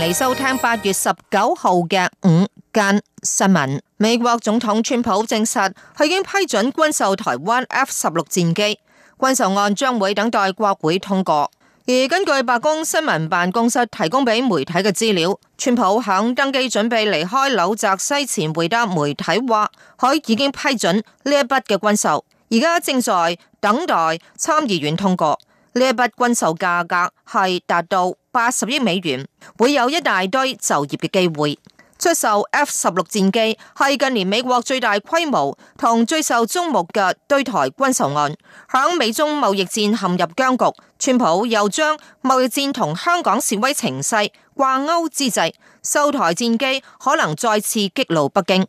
嚟收聽八月十九號嘅午間新聞。美國總統川普證實，佢已經批准軍售台灣 F 十六戰機，軍售案將會等待國會通過。而根據白宮新聞辦公室提供俾媒體嘅資料，川普響登機準備離開紐澤西前回答媒體話，佢已經批准呢一筆嘅軍售，而家正在等待參議院通過。呢一筆軍售價格係達到八十億美元，會有一大堆就業嘅機會。出售 F 十六戰機係近年美國最大規模同最受矚目嘅對台軍售案。響美中貿易戰陷入僵局，川普又將貿易戰同香港示威情勢掛鈎之際，售台戰機可能再次激怒北京。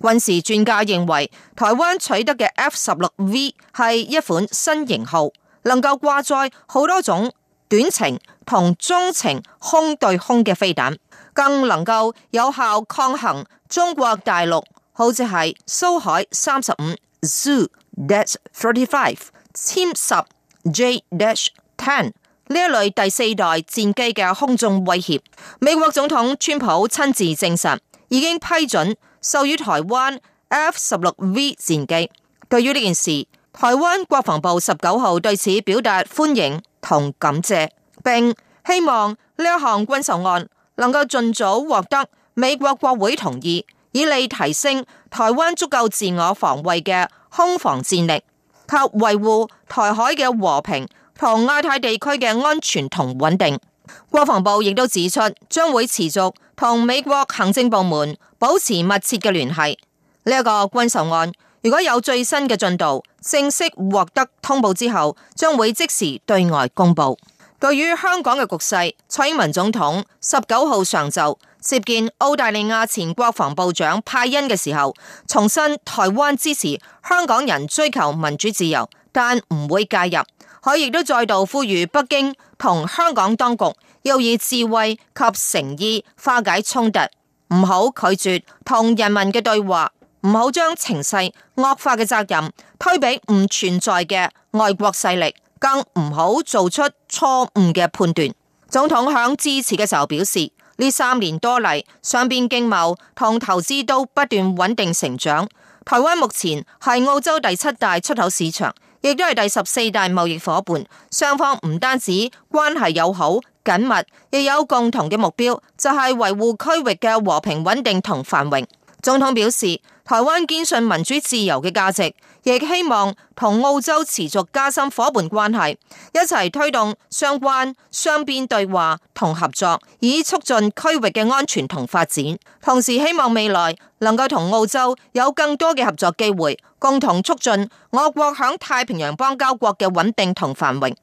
軍事專家認為，台灣取得嘅 F 十六 V 係一款新型號。能夠掛載好多種短程同中程空對空嘅飛彈，更能夠有效抗衡中國大陸，好似係蘇海三十五 Z o dash thirty five、殲十 J dash ten 呢一類第四代戰機嘅空中威脅。美國總統川普親自證實，已經批准授予台灣 F 十六 V 戰機。對於呢件事。台灣國防部十九號對此表達歡迎同感謝，並希望呢一項軍售案能夠盡早獲得美國國會同意，以利提升台灣足夠自我防衛嘅空防戰力及維護台海嘅和平同亞太地區嘅安全同穩定。國防部亦都指出，將會持續同美國行政部門保持密切嘅聯繫。呢一個軍售案。如果有最新嘅進度，正式獲得通報之後，將會即時對外公布。對於香港嘅局勢，蔡英文總統十九號上晝接見澳大利亞前國防部長派恩嘅時候，重申台灣支持香港人追求民主自由，但唔會介入。佢亦都再度呼籲北京同香港當局要以智慧及誠意化解衝突，唔好拒絕同人民嘅對話。唔好將情勢惡化嘅責任推俾唔存在嘅外國勢力，更唔好做出錯誤嘅判斷。總統響致辭嘅時候表示，呢三年多嚟，雙邊經貿同投資都不斷穩定成長。台灣目前係澳洲第七大出口市場，亦都係第十四大貿易夥伴。雙方唔單止關係友好緊密，亦有共同嘅目標，就係維護區域嘅和平穩定同繁榮。總統表示。台灣堅信民主自由嘅價值，亦希望同澳洲持續加深夥伴關係，一齊推動相關雙邊對話同合作，以促進區域嘅安全同發展。同時，希望未來能夠同澳洲有更多嘅合作機會，共同促進我國響太平洋邦交國嘅穩定同繁榮。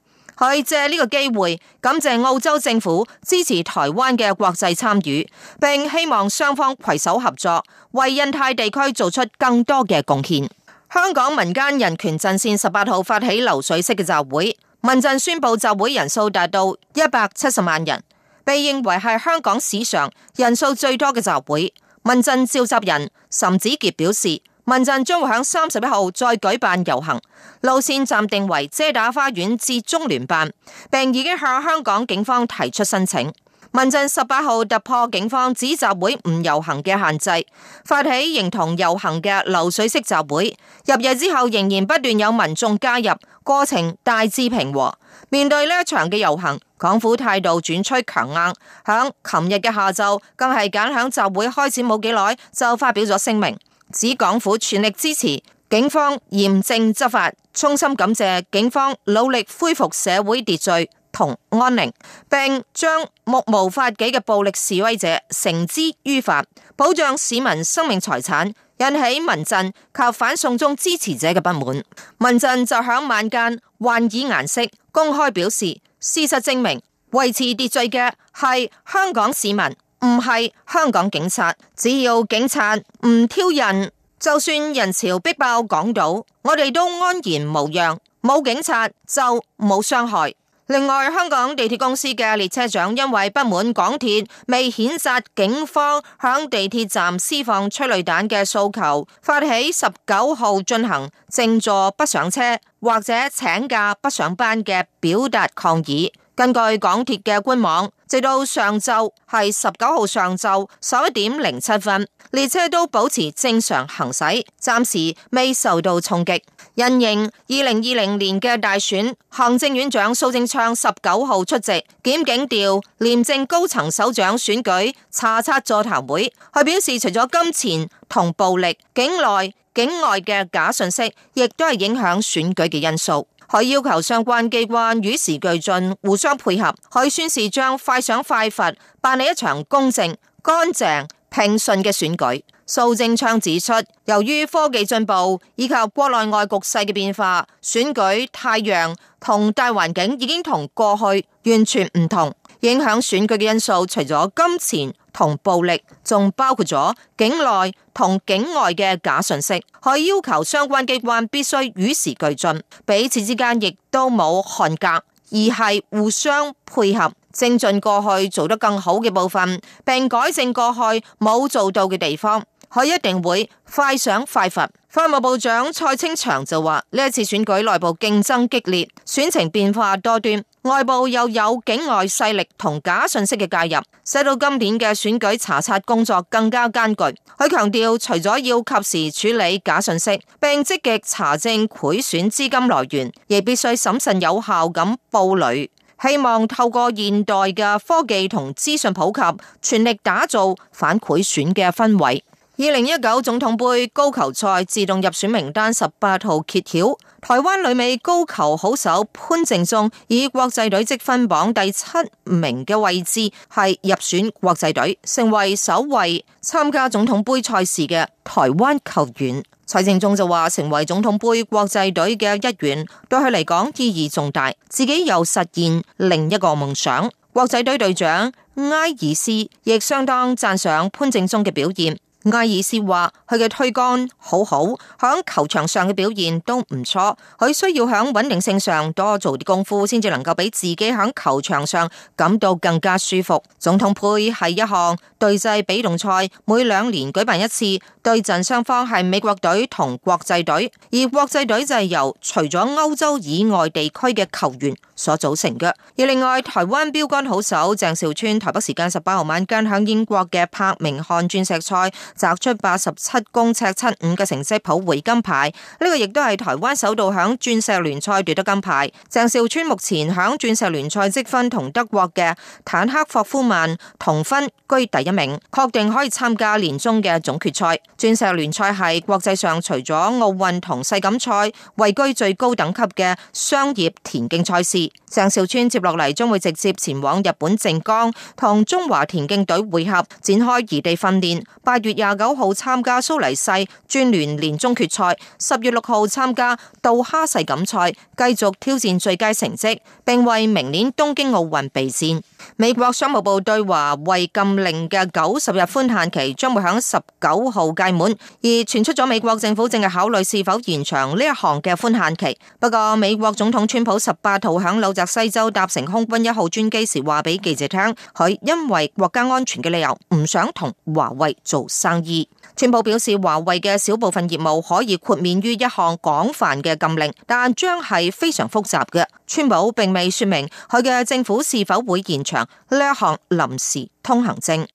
佢借呢個機會感謝澳洲政府支持台灣嘅國際參與，並希望雙方攜手合作，為印太地區做出更多嘅貢獻。香港民間人權陣線十八號發起流水式嘅集會，民陣宣布集會人數達到一百七十萬人，被認為係香港史上人數最多嘅集會。民陣召集人岑子傑表示。民陣將會喺三十一號再舉辦遊行，路線暫定為遮打花園至中聯辦，並已經向香港警方提出申請。民陣十八號突破警方指集會唔遊行嘅限制，發起形同遊行嘅流水式集會。入夜之後仍然不斷有民眾加入，過程大致平和。面對呢一場嘅遊行，港府態度轉趨強硬，響琴日嘅下晝更係揀響集會開始冇幾耐就發表咗聲明。指港府全力支持警方嚴正執法，衷心感謝警方努力恢復社會秩序同安寧，並將目無法紀嘅暴力示威者繩之於法，保障市民生命財產。引起民陣及反送中支持者嘅不滿，民陣就響晚間還以顏色公開表示，事實證明維持秩序嘅係香港市民。唔係香港警察，只要警察唔挑人，就算人潮逼爆港島，我哋都安然無恙。冇警察就冇傷害。另外，香港地鐵公司嘅列車長因為不滿港鐵未譴責警方響地鐵站施放催淚彈嘅訴求，發起十九號進行靜坐、不上車或者請假不上班嘅表達抗議。根據港鐵嘅官網，直到上晝係十九號上晝十一點零七分，列車都保持正常行駛，暫時未受到衝擊。因應二零二零年嘅大選，行政院長蘇貞昌十九號出席檢警調廉政高層首長選舉查察座談會，佢表示除咗金錢同暴力，境內境外嘅假訊息亦都係影響選舉嘅因素。佢要求相關機關與時俱進，互相配合，佢宣示將快賞快罰，辦理一場公正、乾淨、平順嘅選舉。蘇貞昌指出，由於科技進步以及國內外局勢嘅變化，選舉太陽同大環境已經同過去完全唔同，影響選舉嘅因素除咗金錢。同暴力，仲包括咗境內同境外嘅假信息。佢要求相關機關必須與時俱進，彼此之間亦都冇寒隔，而係互相配合，精進過去做得更好嘅部分，並改正過去冇做到嘅地方。佢一定會快賞快罰。法務部長蔡清祥就話：呢一次選舉內部競爭激烈，選情變化多端。外部又有境外勢力同假訊息嘅介入，使到今年嘅選舉查察工作更加艱巨。佢強調，除咗要及時處理假訊息，並積極查證賄選資金來源，亦必須審慎有效咁布雷。希望透過現代嘅科技同資訊普及，全力打造反賄選嘅氛圍。二零一九總統杯高球賽自動入選名單十八號揭曉，台灣旅美高球好手潘政琮以國際隊積分榜第七名嘅位置係入選國際隊，成為首位參加總統杯賽事嘅台灣球員。蔡政琮就話：成為總統杯國際隊嘅一員，對佢嚟講意義重大，自己又實現另一個夢想。國際隊隊長埃爾斯亦相當讚賞潘政琮嘅表現。艾爾斯話：佢嘅推杆好好，響球場上嘅表現都唔錯。佢需要響穩定性上多做啲功夫，先至能夠俾自己響球場上感到更加舒服。總統杯係一項對製比洞賽，每兩年舉辦一次，對陣雙方係美國隊同國際隊，而國際隊就係由除咗歐洲以外地區嘅球員所組成嘅。而另外，台灣標槍好手鄭兆村，台北時間十八號晚間響英國嘅柏明翰鑽石賽，擲出八十七公尺七五嘅成績抱回金牌，呢、這個亦都係台灣首度響鑽石聯賽奪得金牌。鄭兆村目前響鑽石聯賽積分同德國嘅坦克霍夫曼同分居第一名，確定可以參加年終嘅總決賽。鑽石聯賽係國際上除咗奧運同世錦賽位居最高等級嘅商業田徑賽事。鄭兆村接落嚟將會直接前往日本靜岡同中華田徑隊會合，展開移地訓練。八月廿九號參加蘇黎世鑽聯年終決賽，十月六號參加杜哈世錦賽，繼續挑戰最佳成績，並為明年東京奧運備戰。美國商務部對華為禁令嘅九十日寬限期將會喺十九號屆滿，而傳出咗美國政府正係考慮是否延長呢一行嘅寬限期。不過美國總統川普十八號響老特西州搭乘空軍一號專機時，話俾記者聽，佢因為國家安全嘅理由唔想同華為做生意。川普表示，華為嘅小部分業務可以豁免於一項廣泛嘅禁令，但將係非常複雜嘅。川普並未說明佢嘅政府是否會延長呢一項臨時通行證。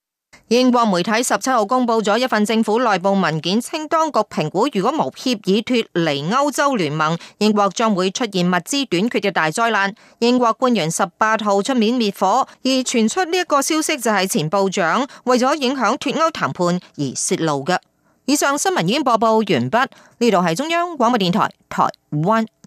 英國媒體十七號公布咗一份政府內部文件，稱當局評估如果無協議脫離歐洲聯盟，英國將會出現物資短缺嘅大災難。英國官員十八號出面滅火，而傳出呢一個消息就係前部長為咗影響脫歐談判而泄露嘅。以上新聞已經播報完畢，呢度係中央廣播電台台灣。